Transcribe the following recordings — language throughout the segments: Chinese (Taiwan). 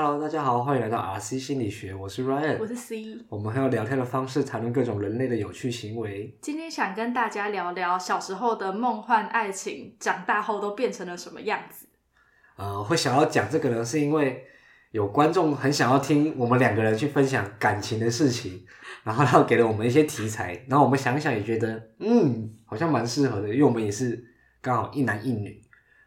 Hello，大家好，歡迎來到 RC 心理學，我是 Ryan，我是 C，我們還有聊天的方式談論各種人類的有趣行為。今天想跟大家聊聊小時候的夢幻愛情，長大後都變成了什麼樣子？呃，會想要講這個呢，是因為有觀眾很想要聽我們兩個人去分享感情的事情，然後他給了我們一些題材，然後我們想想也覺得，嗯，好像蠻適合的，因為我們也是剛好一男一女，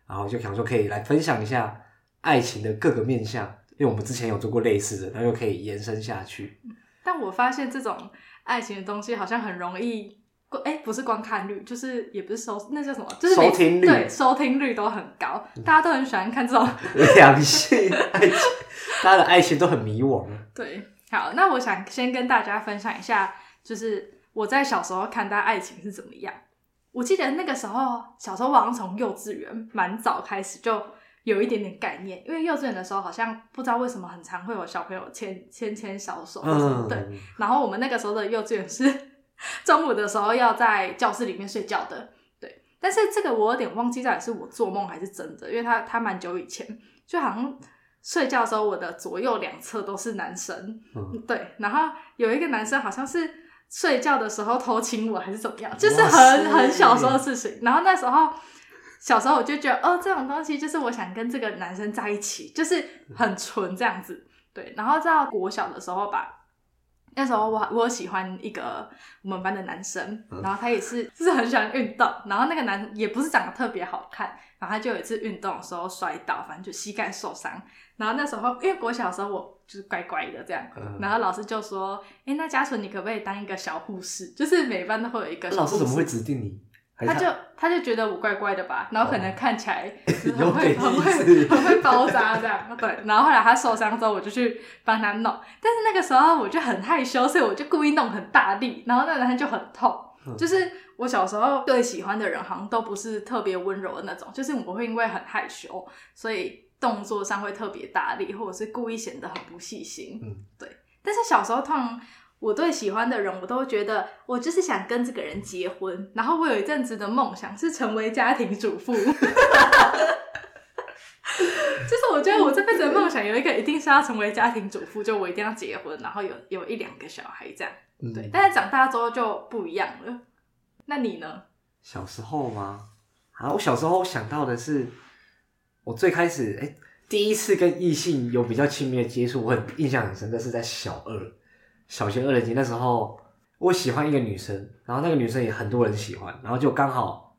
然後就想說可以來分享一下愛情的各個面向。因為我們之前有做過類似的，它又可以延伸下去。嗯。但我發現這種愛情的東西好像很容易，哎、欸，不是觀看率，就是也不是收，那叫什麼？就是收聽率，對，收聽率都很高，嗯、大家都很喜歡看這種兩性愛情， 大家的愛情都很迷惘。對，好，那我想先跟大家分享一下，就是我在小時候看待愛情是怎麼樣。我記得那個時候，小時候我好像從幼稚園蠻早開始就。有一點點概念，因為幼稚園的時候好像不知道為什麼很常會有小朋友牽牽牽小手，嗯、對。然後我們那個時候的幼稚園是中午的時候要在教室裡面睡覺的，對。但是這個我有點忘記，到底是我做夢還是真的？因為他他蠻久以前，就好像睡覺的時候，我的左右兩側都是男生，嗯、對。然後有一個男生好像是睡覺的時候偷親我還是怎麼樣，就是很哇塞很小時候的事情。然後那時候。小時候我就覺得，哦，這種東西就是我想跟這個男生在一起，就是很純這樣子，對。然後到國小的時候吧，那時候我我喜歡一個我們班的男生，然後他也是、就是很喜歡運動，然後那個男也不是長得特別好看，然後他就有一次運動的時候摔倒，反正就膝蓋受傷。然後那時候因為國小的時候我就是乖乖的這樣，然後老師就說：“哎、欸，那嘉純你可不可以當一個小護士？就是每班都會有一個小護士。”老師怎麼會指定你？他就他就覺得我怪怪的吧，然後可能看起來、oh. 很會 很會很會包紮這樣，對。然後後來他受傷之後，我就去幫他弄。但是那個時候我就很害羞，所以我就故意弄很大力。然後那個男生就很痛。就是我小時候對喜歡的人好像都不是特別溫柔的那種，就是我會因為很害羞，所以動作上會特別大力，或者是故意顯得很不細心。嗯、對。但是小時候痛。我對喜歡的人，我都覺得我就是想跟這個人結婚，然後我有一陣子的夢想是成為家庭主婦， 就是我覺得我這輩子的夢想有一個一定是要成為家庭主婦，就我一定要結婚，然後有有一兩個小孩這樣，對。嗯、但是長大之後就不一樣了。那你呢？小時候嗎？啊，我小時候想到的是，我最開始哎、欸、第一次跟異性有比較親密的接觸，我很印象很深的是在小二。小學二年級那時候，我喜歡一個女生，然後那個女生也很多人喜歡，然後就剛好，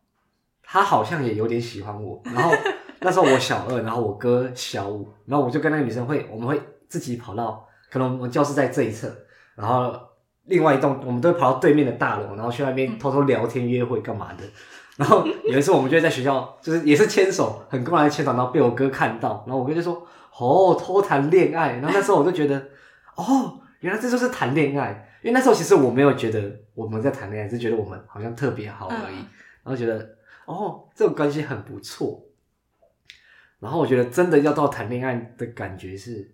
她好像也有點喜歡我。然後那時候我小二，然後我哥小五，然後我就跟那個女生會，我們會自己跑到，可能我們教室在這一側，然後另外一棟，我們都會跑到對面的大樓，然後去那邊偷偷聊天、約會幹嘛的。然後有一次我們就在學校，就是也是牽手，很公然的牽手，然後被我哥看到，然後我哥就說：“哦，偷談戀愛。”然後那時候我就覺得，哦。原來這就是談戀愛，因為那時候其實我沒有覺得我們在談戀愛，只是覺得我們好像特別好而已，嗯、然後覺得哦，這種關係很不錯。然後我覺得真的要到談戀愛的感覺是，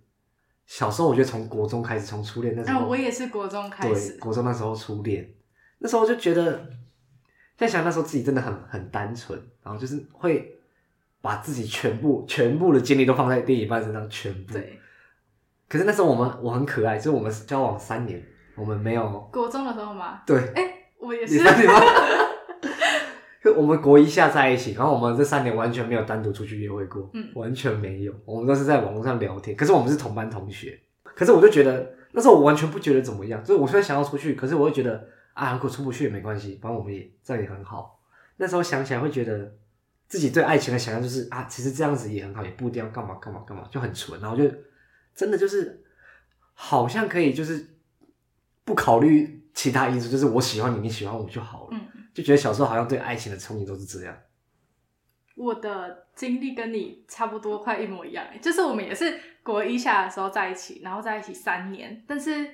小時候我覺得從國中開始，從初戀那時候，啊，我也是國中開始，國中那時候初戀，那時候我就覺得在想那時候自己真的很很單純，然後就是會把自己全部全部的精力都放在另一半身上，全部對。可是那時候我們我很可愛，就是我們交往三年，我們沒有國中的時候嘛。對，哎、欸，我也是， 也是嗎？我們國一下在一起，然後我們這三年完全沒有單獨出去約會過，嗯，完全沒有。我們都是在網絡上聊天。可是我們是同班同學，可是我就覺得那時候我完全不覺得怎麼樣。就是我雖然想要出去，可是我會覺得啊，如果出不去也沒關係，反正我們也這樣也很好。那時候想起來，會覺得自己對愛情的想象就是啊，其實這樣子也很好，也不一定要幹嘛幹嘛幹嘛，就很純。然後就。真的就是，好像可以就是不考慮其他因素，就是我喜歡你，你喜歡我就好了。嗯，就覺得小時候好像對愛情的憧憬都是這樣。我的經歷跟你差不多，快一模一樣欸。就是我們也是國一下的時候在一起，然後在一起三年，但是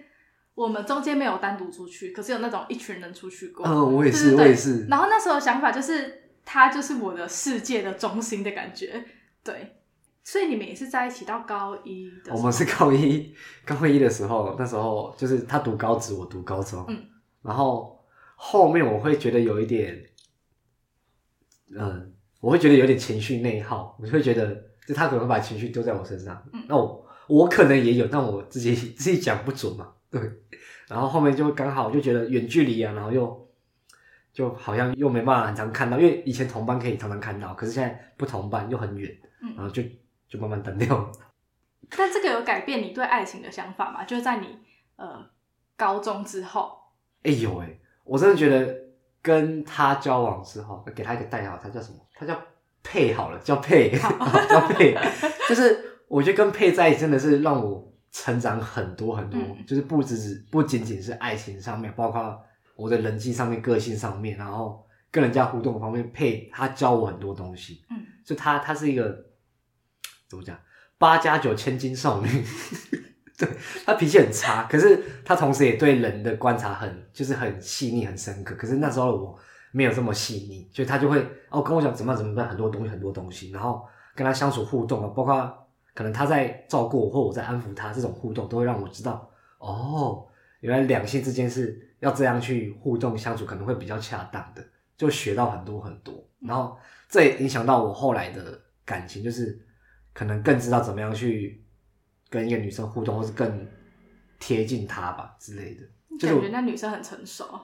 我們中間沒有單獨出去，可是有那種一群人出去過。嗯，我也是，是我也是。然後那時候想法就是，他就是我的世界的中心的感覺，對。所以你們也是在一起到高一的時候？我們是高一，高一的時候，那時候就是他讀高職，我讀高中。嗯。然後後面我會覺得有一點，嗯、呃，我會覺得有點情緒內耗，我就會覺得，就他可能會把情緒丟在我身上。嗯。那我、哦、我可能也有，但我自己自己講不準嘛。對。然後後面就剛好就覺得遠距離啊，然後又就好像又沒辦法很常看到，因為以前同班可以常常看到，可是現在不同班又很遠。嗯。然後就。就慢慢淡掉了，但這個有改變你對愛情的想法嗎？就是在你呃高中之後，哎呦喂，我真的覺得跟他交往之後，給他一個代號，他叫什麼？他叫佩好了，叫佩好、哦。叫佩 就是我覺得跟佩在一起，真的是讓我成長很多很多，嗯、就是不止不僅僅是愛情上面，包括我的人際上面、個性上面，然後跟人家互動方面，佩，他教我很多東西。嗯，就他他是一個。我講八加九千金少女， 對他脾氣很差，可是他同時也對人的觀察很，就是很細膩、很深刻。可是那時候我沒有這麼細膩，所以他就會哦跟我講怎麼樣怎麼辦很多東西，很多東西。然後跟他相處互動啊，包括可能他在照顧我或我在安撫他，這種互動都會讓我知道哦，原來兩性之間是要這樣去互動相處，可能會比較恰當的，就學到很多很多。然後這也影響到我後來的感情，就是。可能更知道怎麼樣去跟一個女生互動，或是更貼近她吧之類的。你、就是、感覺那女生很成熟，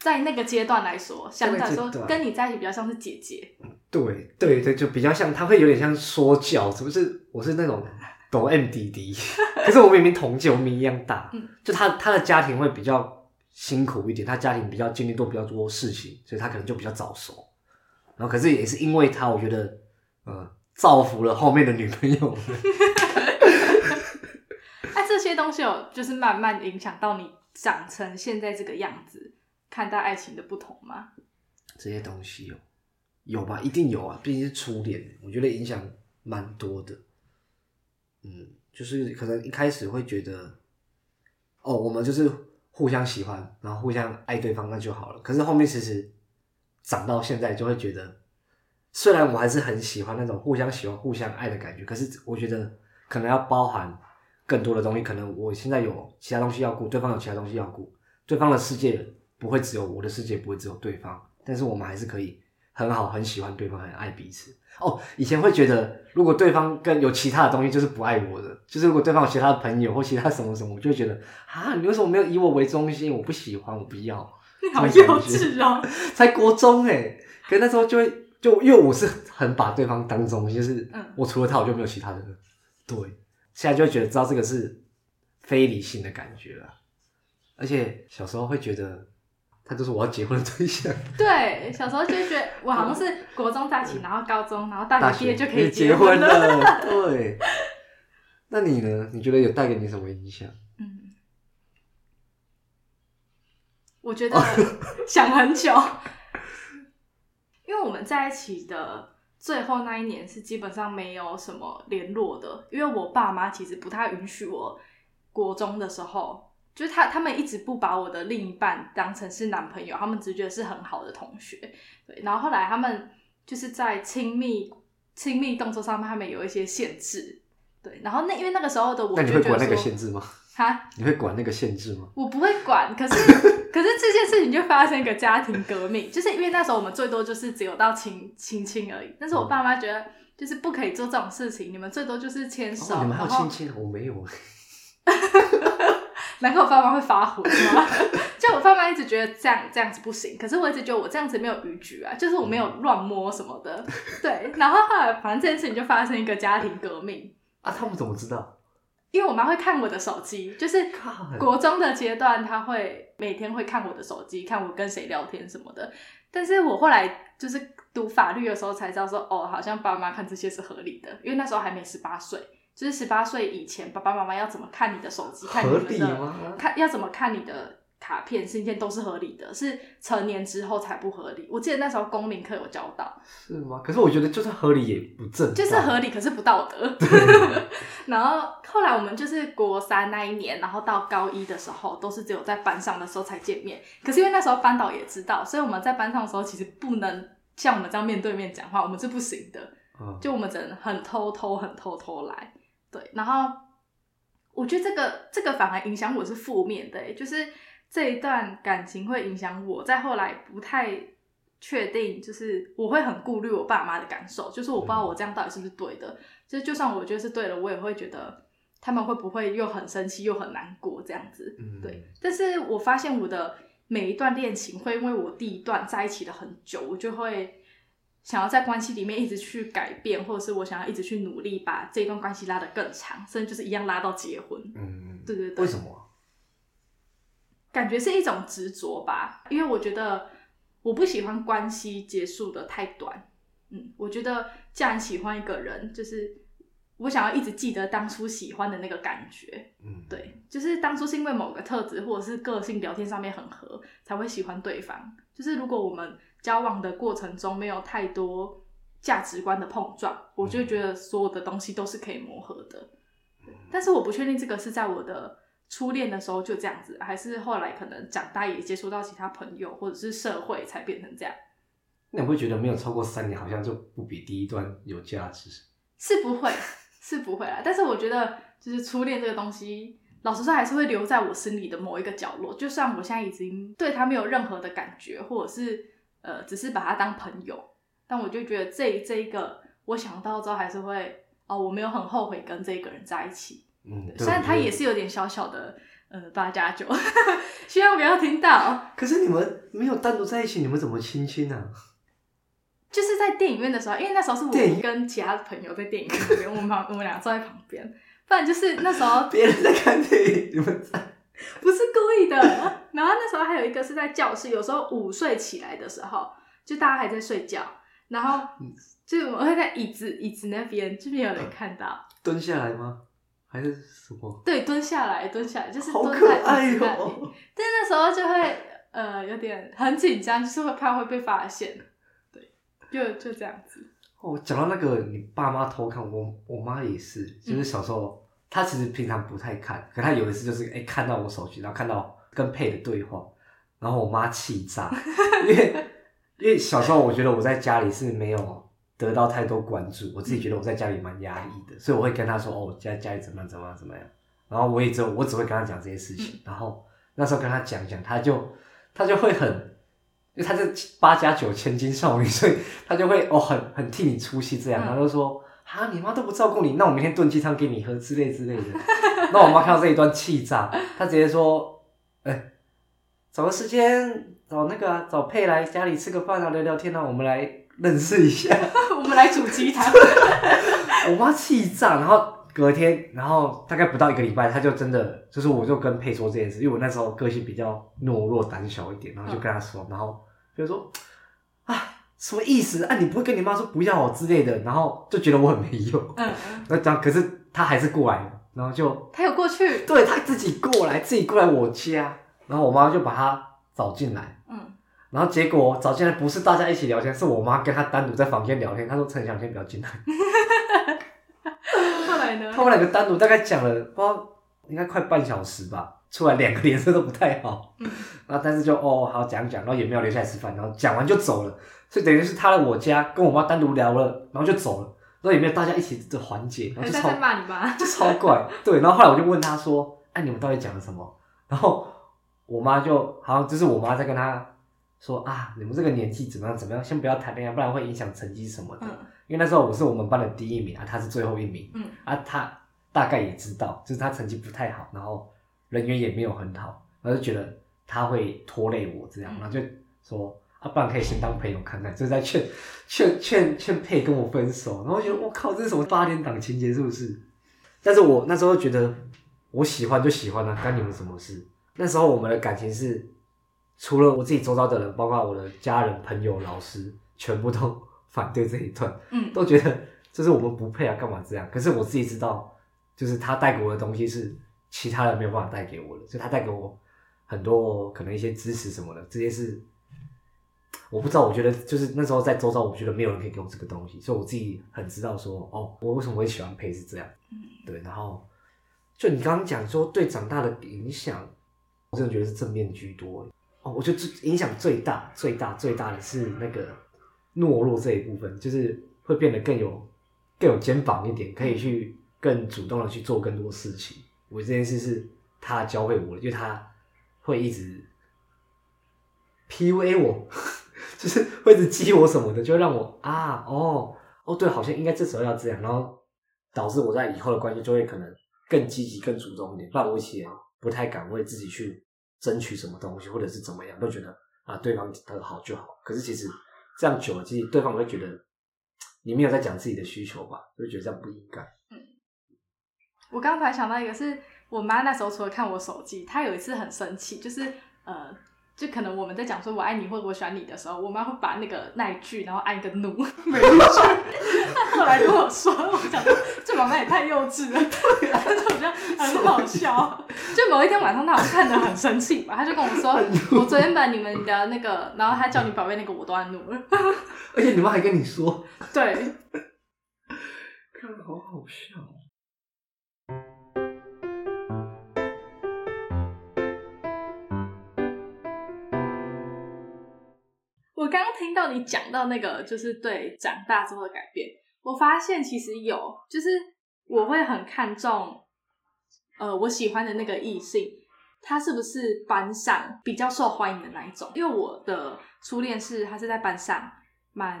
在那個階段來說，相對來說跟你在一起比較像是姐姐。對對對，就比較像，她會有點像說教，是不是？我是那種懂 M D D， 可是我明明同屆，我們一樣大， 就她她的家庭會比較辛苦一點，她家庭比較經歷都比較多事情，所以她可能就比較早熟。然後，可是也是因為她，我覺得，嗯、呃。造福了後面的女朋友哎、。 啊，這些東西有，就是慢慢影響到你長成現在這個樣子，看待愛情的不同嗎？這些東西有，有吧，一定有啊。畢竟是初戀，我覺得影響蠻多的。嗯，就是可能一開始會覺得，哦，我們就是互相喜歡，然後互相愛對方，那就好了。可是後面其實長到現在，就會覺得。雖然我還是很喜歡那種互相喜歡、互相愛的感覺，可是我覺得可能要包含更多的東西。可能我現在有其他東西要顧，對方有其他東西要顧，對方的世界不會只有我的世界，不會只有對方。但是我們還是可以很好、很喜歡對方、很愛彼此。哦，以前會覺得如果對方跟有其他的東西，就是不愛我的，就是如果對方有其他的朋友或其他什麼什麼，我就會覺得啊，你為什麼沒有以我為中心？我不喜歡，我不要。你，你好幼稚啊！才國中欸，可是那時候就會。就因為我是很把對方當中，就是我除了他，我就沒有其他的。嗯、對，現在就會覺得知道這個是非理性的感覺了。而且小時候會覺得他就是我要結婚的對象。對，小時候就覺得我好像是國中、大起 然後高中，然後大學畢業就可以結婚了。婚了對。 那你呢？你覺得有帶給你什麼影響？嗯，我覺得很 想很久。因為我們在一起的最後那一年是基本上沒有什麼聯絡的，因為我爸媽其實不太允許我。國中的時候，就是他他們一直不把我的另一半當成是男朋友，他們只覺得是很好的同學。對，然後後來他們就是在親密親密動作上面，他們有一些限制。對，然後那因為那個時候的我，那你會管那個限制嗎？蛤你會管那個限制嗎？我不會管，可是。 可是這件事情就發生一個家庭革命，就是因為那時候我們最多就是只有到親親親而已。但是我爸媽覺得就是不可以做這種事情，你們最多就是牽手、哦。你們還有親親？然後我沒有。 然後我爸媽會發火嗎？就我爸媽一直覺得這樣這樣子不行。可是我一直覺得我這樣子沒有逾矩啊，就是我沒有亂摸什麼的。嗯、對。然後後來，反正這件事情就發生一個家庭革命。啊，他們怎麼知道？因為我媽會看我的手機，就是國中的階段，她會每天會看我的手機，看我跟誰聊天什麼的。但是我後來就是讀法律的時候才知道說，哦，好像爸爸媽媽看這些是合理的，因為那時候還沒十八歲，就是十八歲以前，爸爸媽媽要怎麼看你的手機，合理嗎？看你們的，看要怎麼看你的？卡片信件都是合理的，是成年之後才不合理。我記得那時候公民課有教到。是嗎？可是我覺得就是合理也不正。就是合理，可是不道德。對 然後後來我們就是國三那一年，然後到高一的時候，都是只有在班上的時候才見面。可是因為那時候班導也知道，所以我們在班上的時候其實不能像我們這樣面對面講話，我們是不行的。就我們只能很偷偷、很偷偷來。對。然後我覺得這個這個反而影響我是負面的、欸，就是。這一段感情會影響我，再後來不太確定，就是我會很顧慮我爸媽的感受，就是我不知道我這樣到底是不是對的。嗯，就就算我覺得是對的，我也會覺得他們會不會又很生氣又很難過這樣子。嗯，對。但是我發現我的每一段戀情，會因為我第一段在一起了很久，我就會想要在關係裡面一直去改變，或者是我想要一直去努力把這一段關係拉得更長，甚至就是一樣拉到結婚。嗯，對對對。為什麼啊？感覺是一種執着吧，因為我覺得我不喜歡關係結束得太短。嗯，我覺得既然喜歡一個人，就是我想要一直記得當初喜歡的那個感覺。對，就是當初是因為某個特質或者是個性表現上面很合，才會喜歡對方。就是如果我們交往的過程中沒有太多價值觀的碰撞，我就覺得所有的東西都是可以磨合的。但是我不確定這個是在我的。初戀的時候就這樣子，還是後來可能長大也接觸到其他朋友或者是社會才變成這樣。那你會覺得沒有超過三年，好像就不比第一段有價值？是不會，是不會啦。 但是我覺得，就是初戀這個東西，老實說還是會留在我心裡的某一個角落。就算我現在已經對他沒有任何的感覺，或者是呃，只是把他當朋友，但我就覺得這這一個我想到之後，還是會，哦，我沒有很後悔跟這個人在一起。嗯，雖然他也是有點小小的呃八加九，希望不要聽到。可是你們沒有單獨在一起，你們怎麼親親呢、啊？就是在電影院的時候，因為那時候是我跟其他朋友在電影院 我們我們倆坐在旁邊，不然就是那時候別人在看電影，你們在，不是故意的。 然後那時候還有一個是在教室，有時候午睡起來的時候，就大家還在睡覺，然後就我們會在椅子椅子那邊就沒有人看到，蹲下來嗎？還是什麼？對，蹲下來，蹲下來，就是蹲在，蹲在。好可愛、喔、但是那時候就會呃有點很緊張，就是會怕會被發現。對，就就這樣子。哦，講到那個你爸媽偷看我，我媽也是，就是小時候、嗯、她其實平常不太看，可她有一次就是哎、欸、看到我手機，然後看到跟佩的對話，然後我媽氣炸， 因為因為小時候我覺得我在家裡是沒有。得到太多關注，我自己覺得我在家裡蠻壓抑的，嗯、所以我會跟他說：“哦，在家，家裡怎麼樣怎麼樣怎麼樣。”然後我也只有我只會跟他講這些事情。嗯、然後那時候跟他講講，他就他就會很，因為他是八加九千金少女，所以他就會哦很很替你出氣這樣。他、嗯、就說：“啊，你媽都不照顧你，那我明天燉雞湯給你喝之類之類的。” 那我媽看到這一段氣炸，他直接說：“哎、欸，找個時間找那個、啊、找佩來家裡吃個飯啊，聊聊天啊，我們來。”認識一下 我們來題雞會。我媽氣炸，然後隔天，然後大概不到一個禮拜，她就真的就是，我就跟佩說這件事，因為我那時候個性比較懦弱，膽小一點，然後就跟她說，然後比如說，啊，什麼意思啊？你不會跟你媽說不要我之類的，然後就覺得我很沒用。嗯。那這樣，可是他還是過來了，然後就他有過去，對，他自己過來，自己過來我家，然後我媽就把他找進來。然後結果找進來不是大家一起聊天，是我媽跟她單獨在房間聊天。她說陳翔先不要進來。 後來呢？他們兩個單獨大概講了，不知道應該快半小時吧。出來兩個臉色都不太好。 然後但是就哦，哦，好講講，然後也沒有留下來吃飯，然後講完就走了。所以等於是她來我家跟我媽單獨聊了，然後就走了，然後也沒有大家一起的環節。你在罵你吧？這超， 超怪，對。然後後來我就問她說：“哎、啊，你們到底講了什麼？”然後我媽就好，像、就、這是我媽在跟她。說啊，你們這個年紀怎麼樣？怎麼樣？先不要談戀愛，不然會影響成績什麼的。嗯、因為那時候我是我們班的第一名啊，他是最後一名。嗯，啊，他大概也知道，就是他成績不太好，然後人緣也沒有很好，我就覺得他會拖累我這樣，然後就說啊，不然可以先當朋友看看，就在勸勸勸勸，勸配跟我分手。然後我覺得我靠，這是什麼八點檔情節是不是？但是我那時候覺得我喜歡就喜歡了、啊，關你們什麼事？那時候我們的感情是。除了我自己周遭的人，包括我的家人、朋友、老師，全部都反對這一段，嗯，都覺得這、就是我們不配啊，幹嘛這樣？可是我自己知道，就是他帶給我的東西是其他人沒有辦法帶給我的，所以他帶給我很多可能一些支持什麼的，這些是、嗯、我不知道。我覺得就是那時候在周遭，我覺得沒有人可以給我這個東西，所以我自己很知道說，哦，我為什麼會喜歡配是這樣，嗯，對。然後就你剛剛講說對長大的影響，我真的覺得是正面居多。哦，我覺得最影響最大、最大、最大的是那個懦弱這一部分，就是會變得更有更有肩膀一點，可以去更主動的去做更多事情。我這件事是他教會我的，就他會一直 PUA 我，就是會一直激我什麼的，就會讓我啊，哦，哦，對，好像應該這時候要這樣，然後導致我在以後的關係就會可能更積極、更主動一點。不然我以前不太敢為自己去。爭取什麼東西，或者是怎麼樣，都覺得啊，對方的好就好。可是其實這樣久了，其實對方會覺得你沒有在講自己的需求吧，就覺得這樣不應該。嗯，我剛才想到一個是，是我媽那時候除了看我手機，她有一次很生氣，就是，呃就可能我們在講說我愛你或者我喜歡你的時候，我媽會把那個那一句，然後按一個怒，沒錯。她 後來跟我說，我講這媽媽也太幼稚了，但是 好像很好笑。就某一天晚上，她好像看着很生氣吧，她就跟我說，我昨天把你們的那個，然後她叫你寶貝那個，我都按怒了。 而且你媽還跟你說，對，看着好好笑。我剛剛聽到你講到那個，就是對長大之後的改變，我發現其實有，就是我會很看重，呃，我喜歡的那個異性，他是不是班上比較受歡迎的那一種，因為我的初戀是他是在班上蠻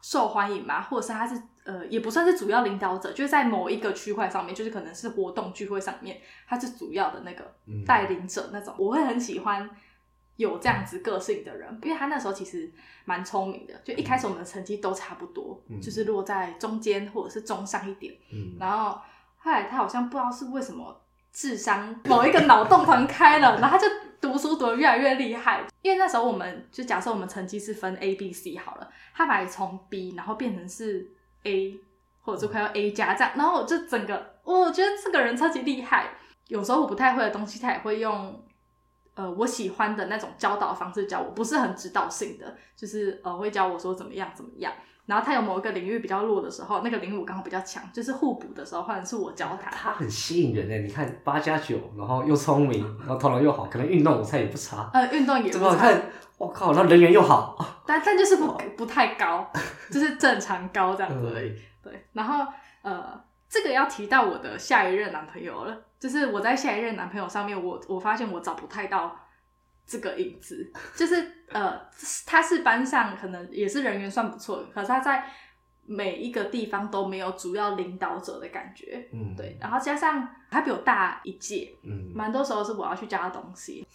受歡迎嘛，或者是他是呃也不算是主要領導者，就是在某一個區塊上面，就是可能是活動聚會上面，他是主要的那個帶領者那種，嗯、我會很喜歡。有這樣子個性的人，因為他那時候其實蠻聰明的，就一開始我們的成績都差不多，嗯、就是落在中間或者是中上一點。嗯、然後後來他好像不知道是為什麼，智商某一個腦洞門開了，然後他就讀書讀得越來越厲害。因為那時候我們就假設我們成績是分 A、B、C 好了，他把它從 B 然後變成是 A，或者就快要 A 加這樣，然後我就整個我覺得這個人超級厲害。有時候我不太會的東西，他也會用。呃，我喜歡的那種教導方式教我不是很指導性的，就是呃會教我說怎麼樣怎麼樣。然後他有某一個領域比較弱的時候，那個領域我剛好比較強，就是互補的時候，或者是我教他。他很吸引人誒、欸，你看八加九，9, 然後又聰明，然後頭腦又好， 可能運動我猜也不差。呃，運動也不差。看，我靠，那人緣又好。但但就是不 不太高，就是正常高這樣子而已。 對，然後呃，這個要提到我的下一任男朋友了。就是我在下一任男朋友上面，我我發現我找不太到這個影子。就是呃，他是班上可能也是人緣算不錯的，可是他在每一個地方都沒有主要領導者的感覺。嗯，對。然後加上他比我大一屆，嗯，蠻多時候是我要去加的東西。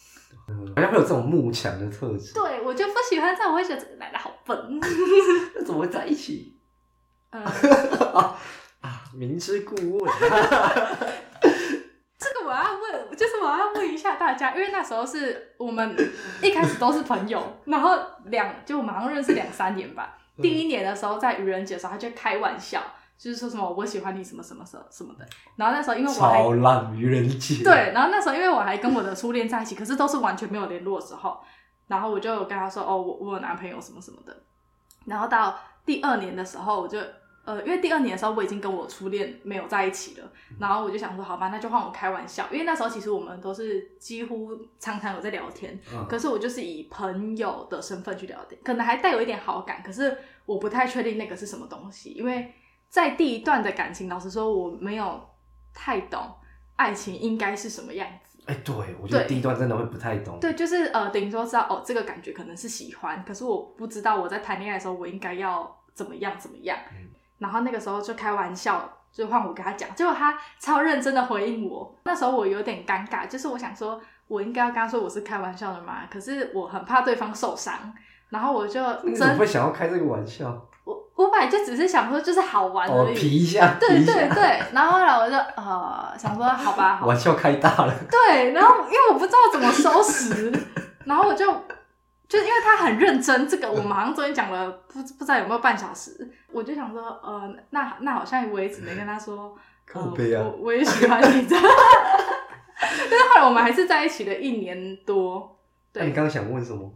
好像會有這種慕強的特質。對，我就不喜歡這樣，我會覺得這個男的好笨。那 怎麼會在一起？ 啊、明知故問。 我要問，就是我要問一下大家，因為那時候是我們一開始都是朋友， 然後兩就馬上認識兩三年吧。嗯、第一年的時候，在愚人節的時候，他就開玩笑，就是說什麼我喜歡你什麼什麼什麼什麼的。然後那時候，因為我還超爛愚人節，對。然後那時候，因為我還跟我的初戀在一起， 可是都是完全沒有聯絡的時候，然後我就跟他說：“哦，我我有男朋友什麼什麼的。”然後到第二年的時候，我就。呃，因為第二年的時候我已經跟我初戀沒有在一起了，嗯、然後我就想說，好吧，那就換我開玩笑。因為那時候其實我們都是幾乎常常有在聊天，嗯、可是我就是以朋友的身份去聊天，可能還帶有一點好感，可是我不太確定那個是什麼東西。因為在第一段的感情，老實說，我沒有太懂愛情應該是什麼樣子。哎、欸，對，我覺得第一段真的會不太懂。對，對，就是呃，等於說知道哦，這個感覺可能是喜歡，可是我不知道我在談戀愛的時候我應該要怎麼樣怎麼樣。嗯然後那個時候就開玩笑，就換我跟他講，結果他超認真的回應我。那時候我有點尷尬，就是我想說，我應該要跟他說我是開玩笑的嘛，可是我很怕對方受傷，然後我就真……你怎麼會想要開這個玩笑？我我本來就只是想說，就是好玩而已，哦、皮一下，下。對對對。然後後來我就呃想說，好吧，好玩笑開大了。對，然後因為我不知道怎麼收拾， 然後我就。就是因為他很認真，這個我們好像昨天講了，不不知道有沒有半小時。嗯、我就想說，呃，那那好像我也只能跟他說，啊呃、我我也喜歡你，但 是後來我們還是在一起了一年多。對啊、你剛剛想問什麼？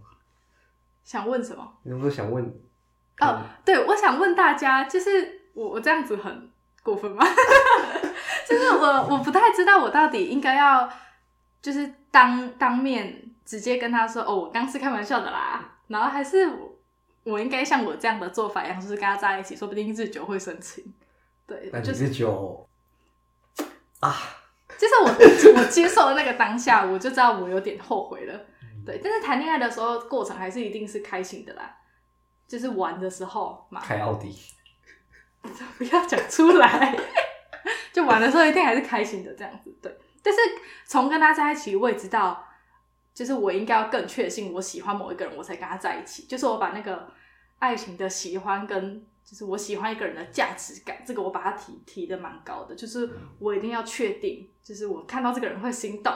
想問什麼？你是不是想問？哦、呃，對，我想問大家，就是我我這樣子很過分嗎？ 就是我我不太知道，我到底應該要就是當當面。直接跟他說：“哦，我剛是開玩笑的啦。”然後還是我，我應該像我這樣的做法一樣，就是跟他在一起，說不定日久會生情。對，啊、就是，日久、哦、啊。就是我，我接受的那個當下， 我就知道我有點後悔了。對，但是談戀愛的時候過程還是一定是開心的啦，就是玩的時候嘛。開奧迪， 不要講出來。 就玩的時候一定還是開心的這樣子，對。但是從跟他在一起，我也知道。就是我應該要更確信我喜歡某一個人，我才跟他在一起。就是我把那個愛情的喜歡跟就是我喜歡一個人的價值感，這個我把它提提得蠻高的。就是我一定要確定，就是我看到這個人會心動，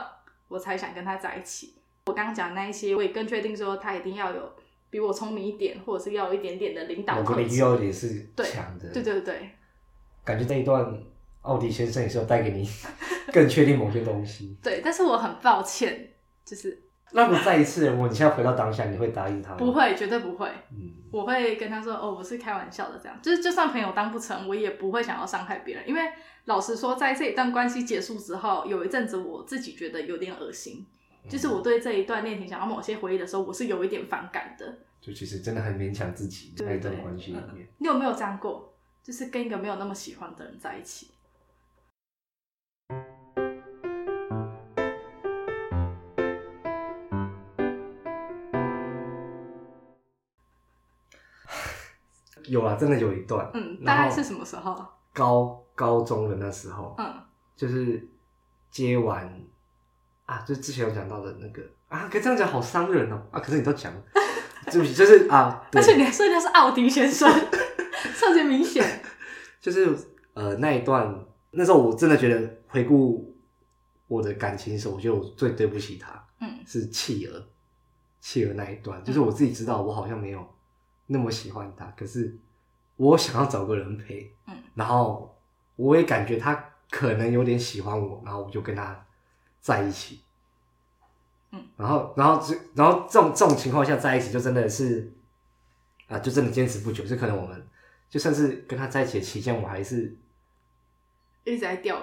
我才想跟他在一起。我剛剛講那一些，我也更確定說他一定要有比我聰明一點，或者是要有一點點的領導。我跟你要一點是強的。對對對對。感覺那一段奧迪先生也是有帶給你更確定某些東西。 對，但是我很抱歉，就是。 那你再一次，我你現在回到當下，你會答應他嗎？不會，絕對不會。嗯，我會跟他說，哦，我是開玩笑的，這樣就是就算朋友當不成，我也不會想要傷害別人。因為老實說，在這一段關係結束之後，有一陣子我自己覺得有點惡心，就是我對這一段戀情想要某些回憶的時候，我是有一點反感的。就其實真的很勉強自己，對對，在一段關係裡面，嗯，你有沒有這樣過？就是跟一個沒有那麼喜歡的人在一起。有啊，真的有一段。嗯，大概是什麼時候？高高中的那時候。嗯。就是接完啊，就之前有講到的那個啊，可以這樣講，好傷人哦啊！可是你都講， 對不起，就是啊，而且你還說人家是奧迪先生，是 超級明顯。就是呃，那一段那時候我真的覺得，回顧我的感情的時候，我覺得我最對不起他。嗯。是棄兒，棄兒那一段，就是我自己知道，嗯、我好像沒有。那麼喜歡他，可是我想要找個人陪，嗯，然後我也感覺他可能有點喜歡我，然後我就跟他在一起，嗯，然後，然後這，然後這種這種情況下在一起，就真的是，啊，就真的堅持不久，就可能我們，就算是跟他在一起的期間，我還是一直在釣魚，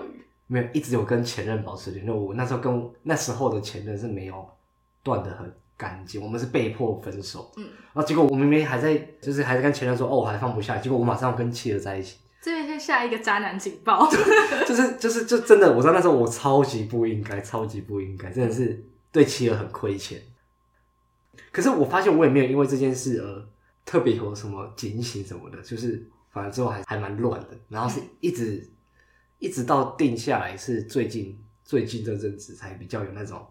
沒有一直有跟前任保持聯絡，我那時候跟那時候的前任是沒有斷得很。感情，我們是被迫分手。嗯，然後結果我明明還在，就是還在跟前任說，哦，我還放不下。結果我馬上跟妻兒在一起。這邊先下一個渣男警報。 就，就是就是就真的，我知道那時候我超級不應該，超級不應該，真的是對妻兒很虧欠。可是我發現我也沒有因為這件事而、呃、特別有什麼警醒什麼的，就是反正之後還還蠻亂的。然後是一直、嗯、一直到定下來，是最近最近這陣子才比較有那種。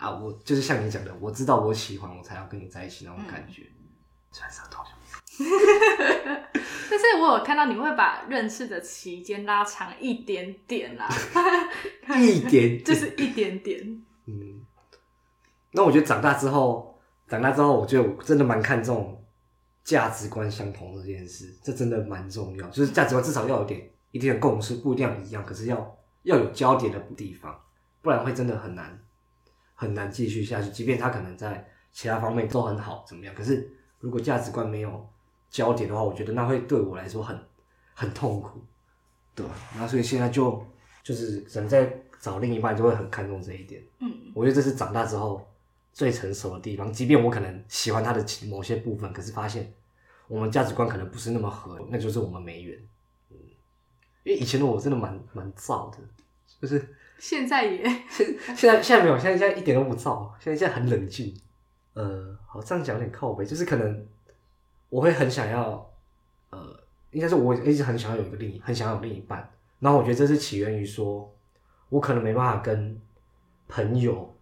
啊，我就是像你講的，我知道我喜歡，我才要跟你在一起那種感覺，三十多。但是，我有看到你會把認識的期間拉長一點點啦，一點，就是一點點。嗯，那我覺得長大之後，長大之後，我覺得我真的蠻看重價值觀相同這件事，這真的蠻重要。就是價值觀至少要有點、嗯、一定的共識，不一定一樣，可是要、嗯、要有交疊的地方，不然會真的很難。很難繼續下去，即便他可能在其他方面都很好，怎麼樣？可是如果價值觀沒有焦點的話，我覺得那會對我來說很很痛苦，對，那所以現在就就是人在找另一半就會很看重這一點。嗯，我覺得這是長大之後最成熟的地方。即便我可能喜歡他的某些部分，可是發現我們價值觀可能不是那麼合，那就是我們沒緣。嗯，因為以前的我真的蠻蠻躁的，就是。現在也， 現在現在沒有，現在現在一點都不燥，現在現在很冷靜。呃，好，這樣講有點靠北，就是可能我會很想要，呃，應該是我一直很想要有一個另一，很想要有另一半。然後我覺得這是起源於說，我可能沒辦法跟朋友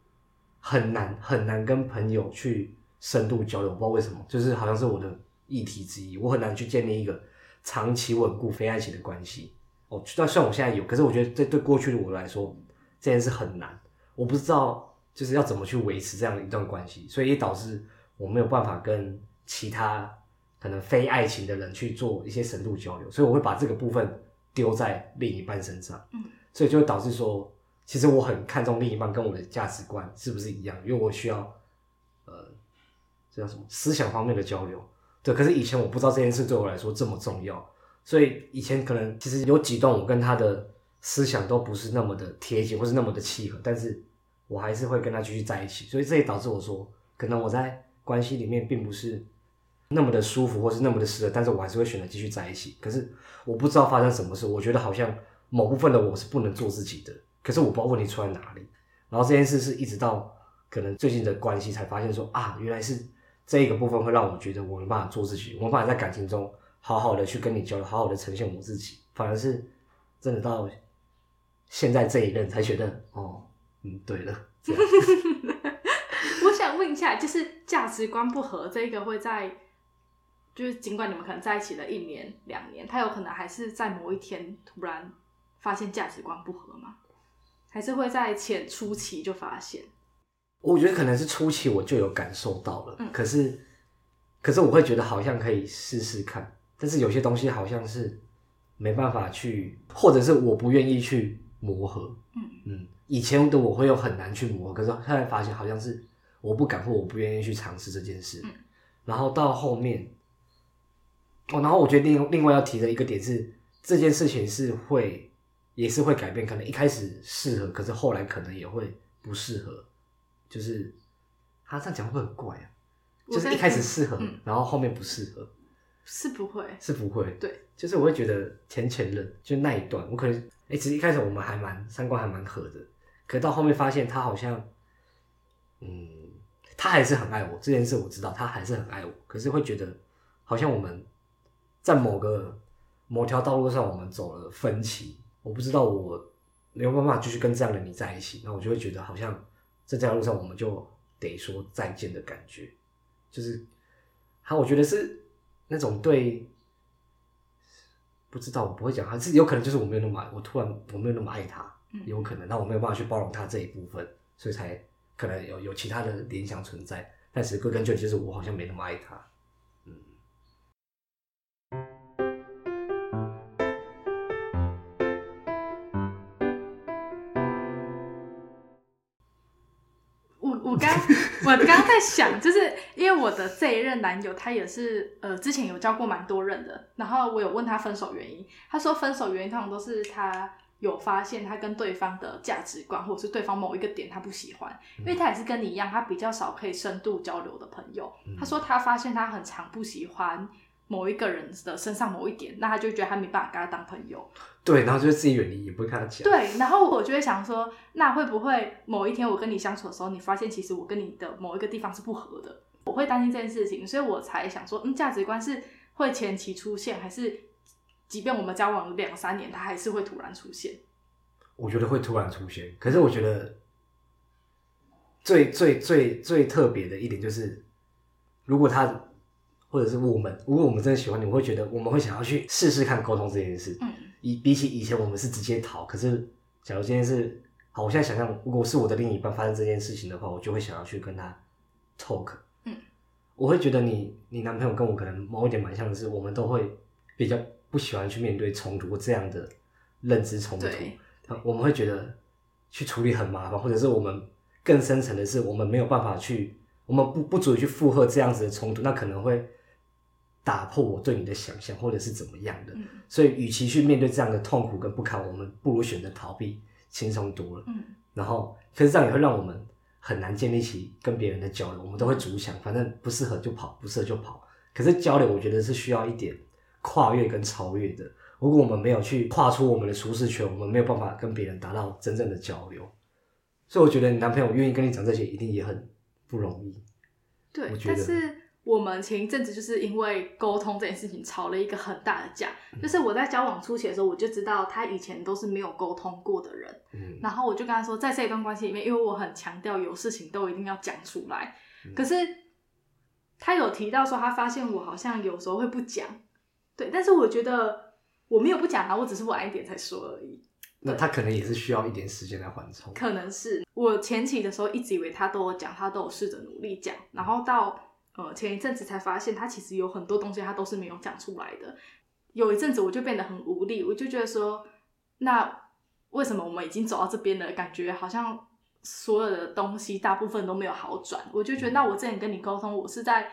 很難很難跟朋友去深度交流，不知道為什麼，就是好像是我的議題之一，我很難去建立一個長期穩固非愛情的關係。哦，雖然我現在有，可是我覺得這對，對過去的我來說。這件事很難，我不知道就是要怎麼去維持這樣的一段關係，所以也導致我沒有辦法跟其他可能非愛情的人去做一些深度交流，所以我會把這個部分丟在另一半身上，嗯，所以就會導致說，其實我很看重另一半跟我的價值觀是不是一樣，因為我需要，呃，這叫什麼？思想方面的交流，對。可是以前我不知道這件事對我來說這麼重要，所以以前可能其實有幾段我跟他的。思想都不是那麼的貼近，或是那麼的契合，但是我還是會跟他繼續在一起。所以這也導致我說，可能我在關係裡面並不是那麼的舒服，或是那麼的適合，但是我還是會選擇繼續在一起。可是我不知道發生什麼事，我覺得好像某部分的我是不能做自己的。可是我不知道問題出在哪裡。然後這件事是一直到可能最近的關係才發現說啊，原來是這一個部分會讓我覺得我沒辦法做自己，我無法在感情中好好的去跟你交流，好好的呈現我自己，反而是真的到。現在這一任才覺得哦，嗯，對了。 我想問一下，就是價值觀不合這一個會在，就是儘管你們可能在一起了一年兩年，他有可能還是在某一天突然發現價值觀不合嗎？還是會在前初期就發現？我覺得可能是初期我就有感受到了，嗯、可是可是我會覺得好像可以試試看，但是有些東西好像是沒辦法去，或者是我不願意去。磨合。嗯嗯，以前的我會有很難去磨合，可是後來發現好像是我不敢或我不願意去嘗試這件事，嗯、然後到後面，哦，然後我覺得另另外要提的一個點是，這件事情是會也是會改變，可能一開始適合，可是後來可能也會不適合，就是他、啊、這樣講會很怪啊，就是一開始適合，嗯、然後後面不適合，是不會，是不會，對，就是我會覺得前前任，就那一段，我可能。哎、欸，其實一開始我們還蠻三觀還蠻合的，可到後面發現他好像，嗯，他還是很愛我這件事我知道，他還是很愛我，可是會覺得好像我們在某個某條道路上我們走了分歧，我不知道，我沒有辦法繼續跟這樣的你在一起，那我就會覺得好像在這條路上我們就得說再見的感覺，就是，他，我覺得是那種對。不知道，我不會講，還是有可能就是我沒有那麼愛，我突然我沒有那麼愛他，嗯，有可能，那我沒有辦法去包容他這一部分，所以才可能有有其他的聯想存在。但是歸根結底，就是我好像沒那麼愛他，嗯。我我剛。五 我剛剛在想，就是因為我的這一任男友，他也是呃，之前有交過蠻多任的。然後我有問他分手原因，他說分手原因通常都是他有發現他跟對方的價值觀，或者是對方某一個點他不喜歡。因為他也是跟你一樣，他比較少可以深度交流的朋友。他說他發現他很常不喜歡。某一個人的身上某一點，那他就覺得他沒辦法跟他當朋友，對，然後就自己遠離，也不會跟他講。對，然後我就會想說，那會不會某一天我跟你相處的時候，你發現其實我跟你的某一個地方是不合的，我會擔心這件事情，所以我才想說，嗯，價值觀是會前期出現，還是即便我們交往了兩三年，他還是會突然出現？我覺得會突然出現，可是我覺得最最最最特別的一點就是，如果他。或者是我們，如果我們真的喜歡你，我會覺得我們會想要去試試看溝通這件事。嗯，以比起以前，我們是直接逃。可是，假如今天是好，我現在想象，如果是我的另一半發生這件事情的話，我就會想要去跟他 talk。嗯，我會覺得你，你男朋友跟我可能某一點蠻像的是，我們都會比較不喜歡去面對衝突這樣的認知衝突。對我們會覺得去處理很麻煩，或者是我們更深層的是，我們沒有辦法去，我們不不足以去負荷這樣子的衝突，那可能會。打破我對你的想象，或者是怎麼樣的，嗯、所以與其去面對這樣的痛苦跟不堪，我們不如選擇逃避，輕鬆多了。嗯、然後可是這樣也會讓我們很難建立起跟別人的交流，我們都會主想，反正不適合就跑，不適合就跑。可是交流，我覺得是需要一點跨越跟超越的。如果我們沒有去跨出我們的舒適圈，我們沒有辦法跟別人達到真正的交流。所以我覺得你男朋友願意跟你講這些，一定也很不容易。對，我覺得。我們前一陣子就是因為溝通這件事情吵了一個很大的架。就、嗯、是我在交往初期的時候，我就知道他以前都是沒有溝通過的人。嗯、然後我就跟他說，在這一段關係裡面，因為我很強調有事情都一定要講出來。嗯、可是他有提到說，他發現我好像有時候會不講。對，但是我覺得我沒有不講啊，我只是晚一點才說而已。那他可能也是需要一點時間來緩衝，嗯。可能是我前期的時候一直以為他都有講，他都有試着努力講，然後到。呃，前一陣子才發現，他其實有很多東西，他都是沒有講出來的。有一陣子，我就變得很無力，我就覺得說，那為什麼我們已經走到這邊了，感覺好像所有的東西大部分都沒有好轉？我就覺得，那我之前跟你溝通，我是在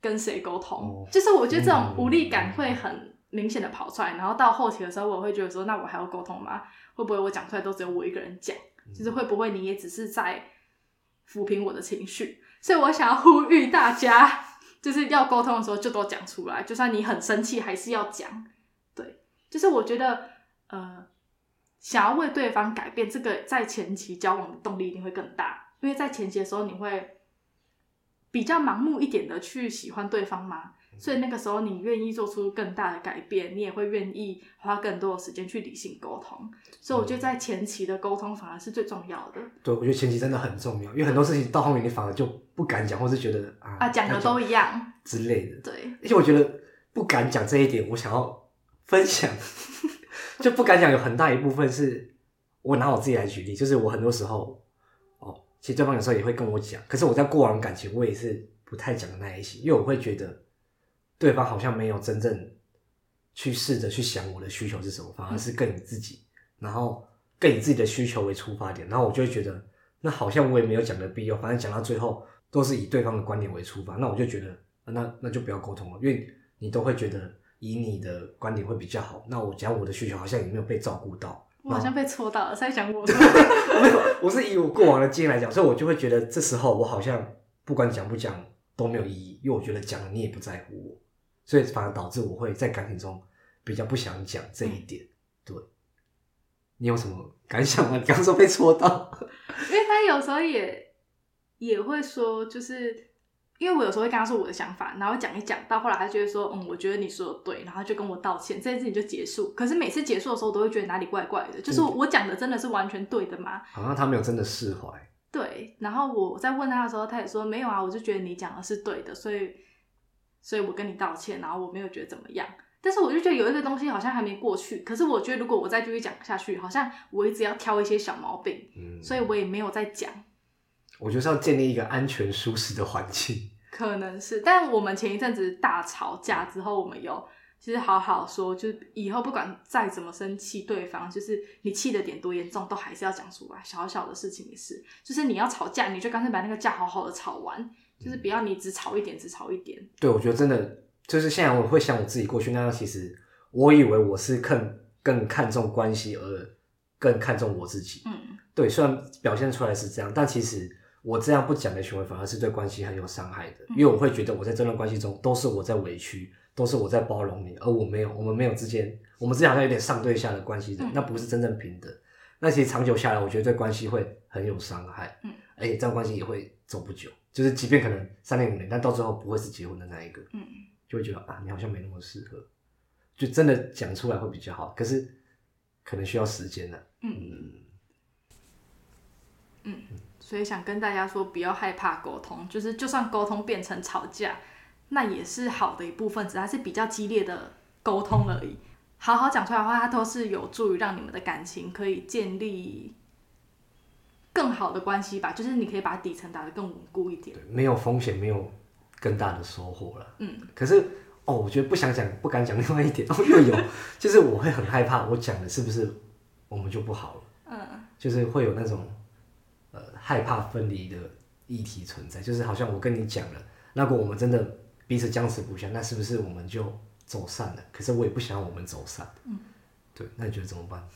跟誰溝通？就是我覺得這種無力感會很明顯的跑出來，然後到後期的時候，我會覺得說，那我還要溝通嗎？會不會我講出來都只有我一個人講？就是會不會你也只是在撫平我的情緒？所以，我想要呼籲大家，就是要溝通的時候就都講出來。就算你很生氣，還是要講。對，就是我覺得，呃，想要為對方改變，這個在前期交往的動力一定會更大，因為在前期的時候，你會比較盲目一點的去喜歡對方嗎？所以那個時候，你願意做出更大的改變，你也會願意花更多的時間去理性溝通。所以我覺得在前期的溝通反而是最重要的。嗯，對，我覺得前期真的很重要，因為很多事情到後面你反而就不敢講，或是覺得啊，講的、啊、都一樣之類的。對，而且我覺得不敢講這一點，我想要分享， 就不敢講，有很大一部分是，我拿我自己來舉例，就是我很多時候，哦，其實對方有時候也會跟我講，可是我在過往感情，我也是不太講的那一些，因為我會覺得。對方好像沒有真正去試着去想我的需求是什麼，反而是跟你自己，嗯、然後更以自己的需求為出發點，然後我就會覺得那好像我也沒有講的必要，反正講到最後都是以對方的觀點為出發，那我就覺得、呃、那那就不要溝通了，因為你都會覺得以你的觀點會比較好，那我講我的需求好像也沒有被照顧到，我好像被戳到了，後是在講我， 我是以我過往的經驗來講，所以我就會覺得這時候我好像不管講不講都沒有意義，因為我覺得講了你也不在乎我。所以反而導致我會在感情中比較不想講這一點，對。你有什麼感想嗎？你剛說被戳到，因為他有時候也也會說，就是因為我有時候會跟他說我的想法，然後講一講，到後來他就覺得說，嗯，我覺得你說的對，然後他就跟我道歉，這件事情就結束。可是每次結束的時候，我都會覺得哪裡怪怪的，就是我講、嗯、的真的是完全對的嗎？好像他沒有真的釋懷。對，然後我在問他的時候，他也說沒有啊，我就覺得你講的是對的，所以。所以我跟你道歉，然後我沒有覺得怎麼樣，但是我就覺得有一個東西好像還沒過去。可是我覺得如果我再繼續講下去，好像我一直要挑一些小毛病，嗯，所以我也沒有再講。我就是要建立一個安全舒適的環境，可能是。但我們前一陣子大吵架之後，我們有其實好好說，就是以後不管再怎麼生氣，對方就是你氣的點多嚴重，都還是要講出來。小小的事情也是，就是你要吵架，你就乾脆把那個架好好的吵完。就是不要你只吵一點，只、嗯、吵一點。對，我覺得真的就是現在，我會想我自己過去那樣。其實我以為我是看更、更看重關係，而更看重我自己。嗯，對。雖然表現出來是這樣，但其實我這樣不講的行為，反而是對關係很有傷害的。嗯、因為我會覺得我在這段關係中都是我在委屈，都是我在包容你，而我沒有，我們沒有之間，我們之間好像有點上對下的關係，嗯、那不是真正平等。那其實長久下來，我覺得對關係會很有傷害。嗯，而且、欸、這樣關係也會走不久。就是，即便可能三年五年，但到最後不會是結婚的那一個，嗯，就會覺得啊，你好像沒那麼適合，就真的講出來會比較好。可是，可能需要時間的，嗯嗯，嗯，嗯，所以想跟大家說，不要害怕溝通，就是就算溝通變成吵架，那也是好的一部分，只是比較激烈的溝通而已。嗯、好好講出來的話，它都是有助於讓你們的感情可以建立。更好的關係吧，就是你可以把底層打得更穩固一點，對，沒有風險，沒有更大的收穫了。嗯，可是哦，我覺得不想講，不敢講。另外一點，哦、又有， 就是我會很害怕，我講的是不是我們就不好了？嗯，就是會有那種呃害怕分離的議題存在，就是好像我跟你講了，那如果我們真的彼此僵持不下，那是不是我們就走散了？可是我也不想我們走散。嗯，對，那你覺得怎麼辦？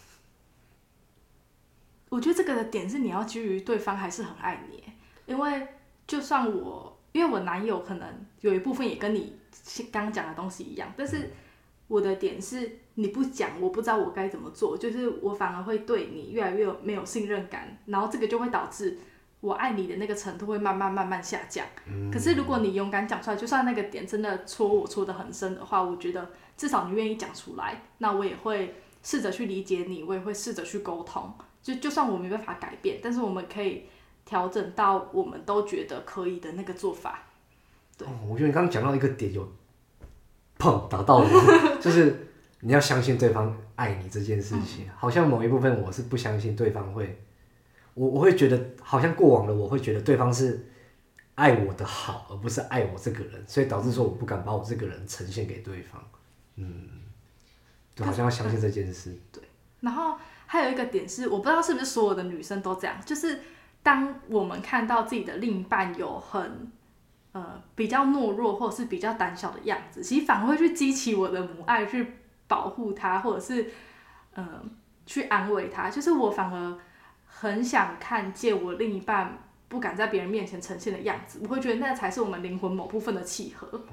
我覺得這個的點是你要基於對方還是很愛你，因為就算我，因為我男友可能有一部分也跟你剛講的東西一樣，但是我的點是你不講，我不知道我該怎麼做，嗯、就是我反而會對你越來越沒有信任感，然後這個就會導致我愛你的那個程度會慢慢慢慢下降。嗯、可是如果你勇敢講出來，就算那個點真的戳我戳得很深的話，我覺得至少你願意講出來，那我也會試着去理解你，我也會試着去溝通。就就算我沒辦法改變，但是我們可以調整到我們都覺得可以的那個做法。對，哦、我覺得你剛剛講到一個點、嗯、有碰打到我， 就是你要相信對方愛你這件事情。嗯、好像某一部分我是不相信對方會，我我會覺得好像過往的我會覺得對方是愛我的好，而不是愛我這個人，所以導致說我不敢把我這個人呈現給對方。嗯，就好像要相信這件事。嗯、對，然後。還有一個點是，我不知道是不是所有的女生都這樣，就是當我們看到自己的另一半有很呃比較懦弱或者是比較膽小的樣子，其實反而會去激起我的母愛，去保護他，或者是嗯、呃、去安慰他，就是我反而很想看見我另一半不敢在別人面前呈現的樣子，我會覺得那才是我們靈魂某部分的契合。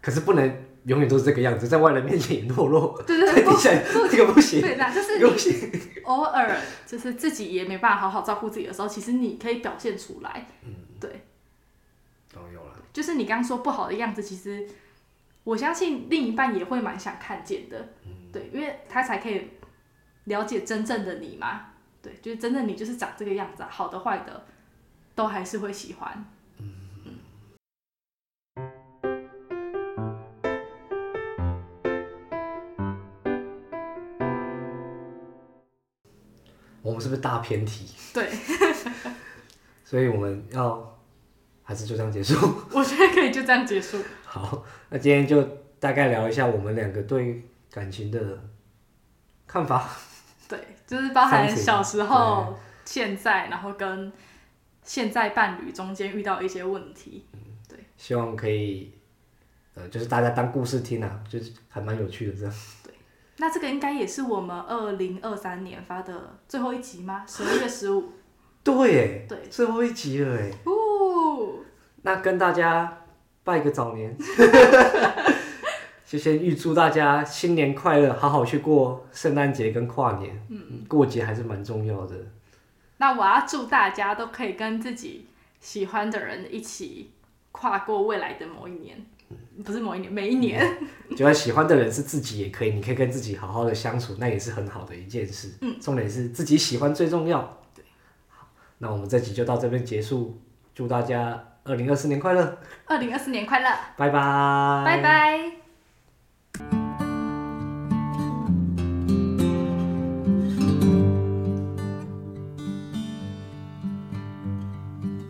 可是不能。永遠都是這個樣子，在外人面前也懦弱，對對對，做這個不行，對啊，就是你偶爾就是自己也沒辦法好好照顧自己的時候， 其實你可以表現出來，嗯，對，都有了，就是你剛剛說不好的樣子，其實我相信另一半也會蠻想看見的，嗯、對，因為他才可以了解真正的你嘛，對，就是真的你就是長這個樣子，啊，好的壞的都還是會喜歡。我是不是大偏題？對， 所以我們要還是就這樣結束。我覺得可以就這樣結束。好，那今天就大概聊一下我們兩個對感情的看法。對，就是包含小時候、現在， 對然後跟現在伴侶中間遇到一些問題。嗯，對。希望可以，呃，就是大家當故事聽啊，就是還蠻有趣的這樣。那這個應該也是我們二零二三年發的最後一集嗎？十一月十五。對，對，最後一集了誒。哦。那跟大家拜個早年， 就先預祝大家新年快樂，好好去過聖誕節跟跨年。嗯嗯。過節還是蠻重要的。那我要祝大家都可以跟自己喜歡的人一起跨過未來的某一年。嗯，不是某一年，每一年，yeah, 就喜歡的人是自己也可以，你可以跟自己好好的相處，那也是很好的一件事。嗯，重點是自己喜歡最重要。對，好，那我們這集就到這邊結束，祝大家二零二四年快樂！二零二四年快樂！拜拜！拜拜！